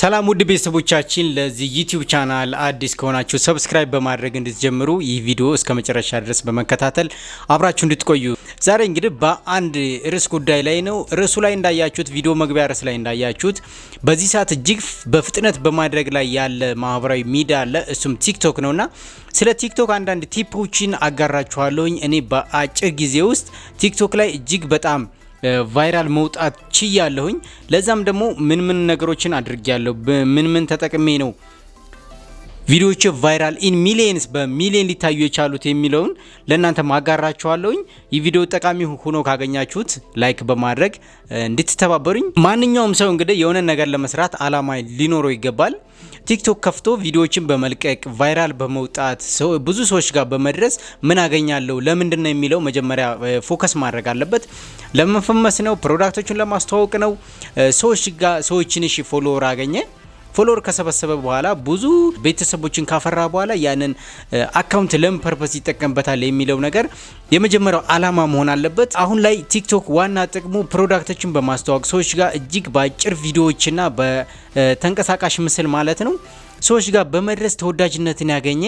ሰላም ውድ ቤተሰቦቻችን፣ ለዚህ ዩቲዩብ ቻናል አዲስ ከሆናችሁ ሰብስክራይብ በማድረግ እንድትጀምሩ ይህ ቪዲዮ እስከ መጨረሻ ድረስ በመከታተል አብራችሁ እንድትቆዩ። ዛሬ እንግዲህ በአንድ ርዕስ ጉዳይ ላይ ነው። ርዕሱ ላይ እንዳያችሁት፣ ቪዲዮ መግቢያ ርዕስ ላይ እንዳያችሁት በዚህ ሰዓት እጅግ በፍጥነት በማድረግ ላይ ያለ ማህበራዊ ሚዲያ አለ፣ እሱም ቲክቶክ ነውና ስለ ቲክቶክ አንዳንድ ቲፖችን አጋራችኋለሁኝ። እኔ በአጭር ጊዜ ውስጥ ቲክቶክ ላይ እጅግ በጣም ቫይራል መውጣት ችያለሁኝ። ለዛም ደግሞ ምን ምን ነገሮችን አድርጌያለሁ፣ ምን ምን ተጠቅሜ ነው ቪዲዮዎች ቫይራል ኢን ሚሊየንስ በሚሊየን ሊታዩ የቻሉት የሚለውን ለእናንተ ማጋራችኋለሁኝ። ይህ ቪዲዮ ጠቃሚ ሆኖ ካገኛችሁት ላይክ በማድረግ እንድትተባበሩኝ። ማንኛውም ሰው እንግዲህ የሆነ ነገር ለመስራት አላማ ሊኖረው ይገባል። ቲክቶክ ከፍቶ ቪዲዮዎችን በመልቀቅ ቫይራል በመውጣት ብዙ ሰዎች ጋር በመድረስ ምን አገኛለሁ ለምንድን ነው የሚለው መጀመሪያ ፎከስ ማድረግ አለበት። ለመፈመስ ነው፣ ፕሮዳክቶቹን ለማስተዋወቅ ነው። ሰዎች ጋር ሰዎችን እሺ ፎሎወር አገኘ ፎሎወር ከሰበሰበ በኋላ ብዙ ቤተሰቦችን ካፈራ በኋላ ያንን አካውንት ለምን ፐርፐስ ይጠቀምበታል የሚለው ነገር የመጀመሪያው አላማ መሆን አለበት። አሁን ላይ ቲክቶክ ዋና ጥቅሙ ፕሮዳክቶችን በማስተዋወቅ ሰዎች ጋር እጅግ በአጭር ቪዲዮዎችና በተንቀሳቃሽ ምስል ማለት ነው ሰዎች ጋር በመድረስ ተወዳጅነትን ያገኘ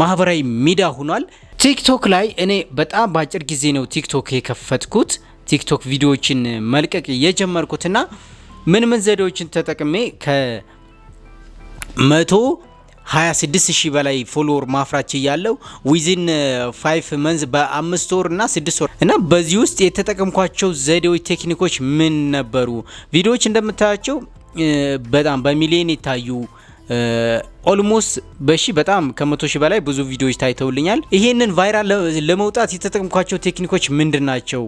ማህበራዊ ሚዲያ ሆኗል። ቲክቶክ ላይ እኔ በጣም በአጭር ጊዜ ነው ቲክቶክ የከፈትኩት ቲክቶክ ቪዲዮዎችን መልቀቅ የጀመርኩትና ምን ምን ዘዴዎችን ተጠቅሜ ከመቶ 26 ሺህ በላይ ፎሎወር ማፍራች ያለው ዊዝን ፋይቭ መንዝ በአምስት ወር እና ስድስት ወር እና በዚህ ውስጥ የተጠቀምኳቸው ዘዴዎች፣ ቴክኒኮች ምን ነበሩ? ቪዲዮዎች እንደምታያቸው uh, በጣም በሚሊዮን የታዩ ኦልሞስት uh, በሺ በጣም ከመቶ ሺህ በላይ ብዙ ቪዲዮዎች ታይተውልኛል። ይሄንን ቫይራል ለመውጣት የተጠቀምኳቸው ቴክኒኮች ምንድን ናቸው?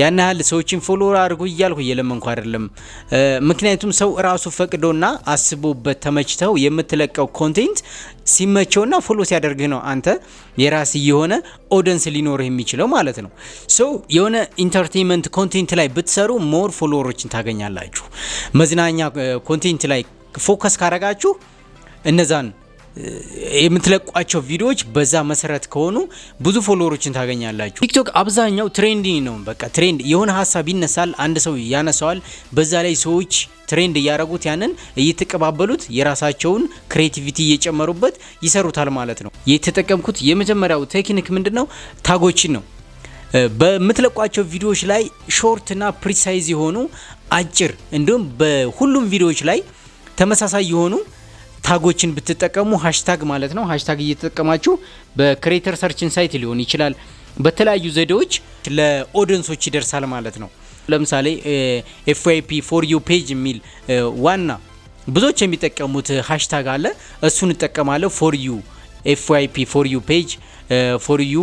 ያን ያህል ሰዎችን ፎሎ አድርጉ እያልኩ እየለመንኩ አይደለም። ምክንያቱም ሰው ራሱ ፈቅዶና አስቦበት ተመችተው የምትለቀው ኮንቴንት ሲመቸውና ፎሎ ሲያደርግህ ነው አንተ የራስ የሆነ ኦደንስ ሊኖርህ የሚችለው ማለት ነው። ሰው የሆነ ኢንተርቴንመንት ኮንቴንት ላይ ብትሰሩ ሞር ፎሎወሮችን ታገኛላችሁ። መዝናኛ ኮንቴንት ላይ ፎከስ ካረጋችሁ እነዛን የምትለቋቸው ቪዲዮዎች በዛ መሰረት ከሆኑ ብዙ ፎሎወሮችን ታገኛላችሁ። ቲክቶክ አብዛኛው ትሬንድ ነው። በቃ ትሬንድ የሆነ ሀሳብ ይነሳል፣ አንድ ሰው ያነሳዋል። በዛ ላይ ሰዎች ትሬንድ እያደረጉት ያንን እየተቀባበሉት የራሳቸውን ክሬቲቪቲ እየጨመሩበት ይሰሩታል ማለት ነው። የተጠቀምኩት የመጀመሪያው ቴክኒክ ምንድን ነው? ታጎችን ነው። በምትለቋቸው ቪዲዮዎች ላይ ሾርትና ፕሪሳይዝ የሆኑ አጭር እንዲሁም በሁሉም ቪዲዮዎች ላይ ተመሳሳይ የሆኑ ታጎችን ብትጠቀሙ ሃሽታግ ማለት ነው። ሃሽታግ እየተጠቀማችሁ በክሬተር ሰርችን ሳይት ሊሆን ይችላል፣ በተለያዩ ዘዴዎች ለኦዲንሶች ይደርሳል ማለት ነው። ለምሳሌ ኤፍዋይፒ ፎር ዩ ፔጅ የሚል ዋና ብዙዎች የሚጠቀሙት ሃሽታግ አለ። እሱን እጠቀማለሁ። ፎር ዩ ኤፍዋይፒ ፎር ዩ ፔጅ ፎር ዩ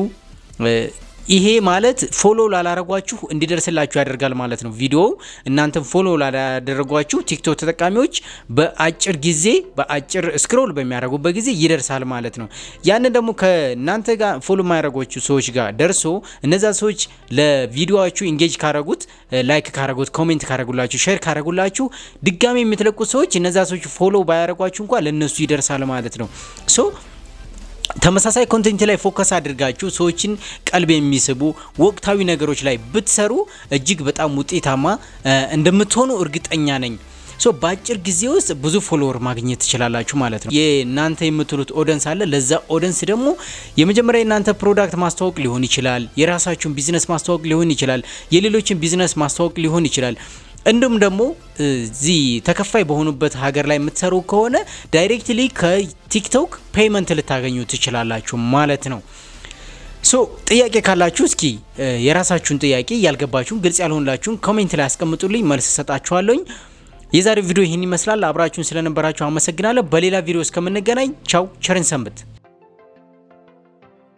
ይሄ ማለት ፎሎ ላላረጓችሁ እንዲደርስላችሁ ያደርጋል ማለት ነው። ቪዲዮ እናንተን ፎሎ ላላደረጓችሁ ቲክቶክ ተጠቃሚዎች በአጭር ጊዜ በአጭር ስክሮል በሚያደርጉበት ጊዜ ይደርሳል ማለት ነው። ያንን ደግሞ ከእናንተ ጋር ፎሎ የማያደርጓችሁ ሰዎች ጋር ደርሶ እነዛ ሰዎች ለቪዲዮችሁ ኢንጌጅ ካረጉት፣ ላይክ ካረጉት፣ ኮሜንት ካረጉላችሁ፣ ሼር ካረጉላችሁ ድጋሚ የምትለቁት ሰዎች እነዛ ሰዎች ፎሎ ባያረጓችሁ እንኳ ለነሱ ይደርሳል ማለት ነው ሶ ተመሳሳይ ኮንቴንት ላይ ፎከስ አድርጋችሁ ሰዎችን ቀልብ የሚስቡ ወቅታዊ ነገሮች ላይ ብትሰሩ እጅግ በጣም ውጤታማ እንደምትሆኑ እርግጠኛ ነኝ። ሶ በአጭር ጊዜ ውስጥ ብዙ ፎሎወር ማግኘት ትችላላችሁ ማለት ነው። የእናንተ የምትሉት ኦደንስ አለ። ለዛ ኦደንስ ደግሞ የመጀመሪያ የእናንተ ፕሮዳክት ማስተዋወቅ ሊሆን ይችላል። የራሳችሁን ቢዝነስ ማስተዋወቅ ሊሆን ይችላል። የሌሎችን ቢዝነስ ማስተዋወቅ ሊሆን ይችላል። እንዲሁም ደግሞ እዚህ ተከፋይ በሆኑበት ሀገር ላይ የምትሰሩ ከሆነ ዳይሬክትሊ ከቲክቶክ ፔይመንት ልታገኙ ትችላላችሁ ማለት ነው። ሶ ጥያቄ ካላችሁ እስኪ የራሳችሁን ጥያቄ ያልገባችሁን፣ ግልጽ ያልሆንላችሁን ኮሜንት ላይ ያስቀምጡልኝ፣ መልስ እሰጣችኋለሁኝ። የዛሬው ቪዲዮ ይህን ይመስላል። አብራችሁን ስለነበራችሁ አመሰግናለሁ። በሌላ ቪዲዮ እስከምንገናኝ ቻው፣ ቸርን ሰንብት።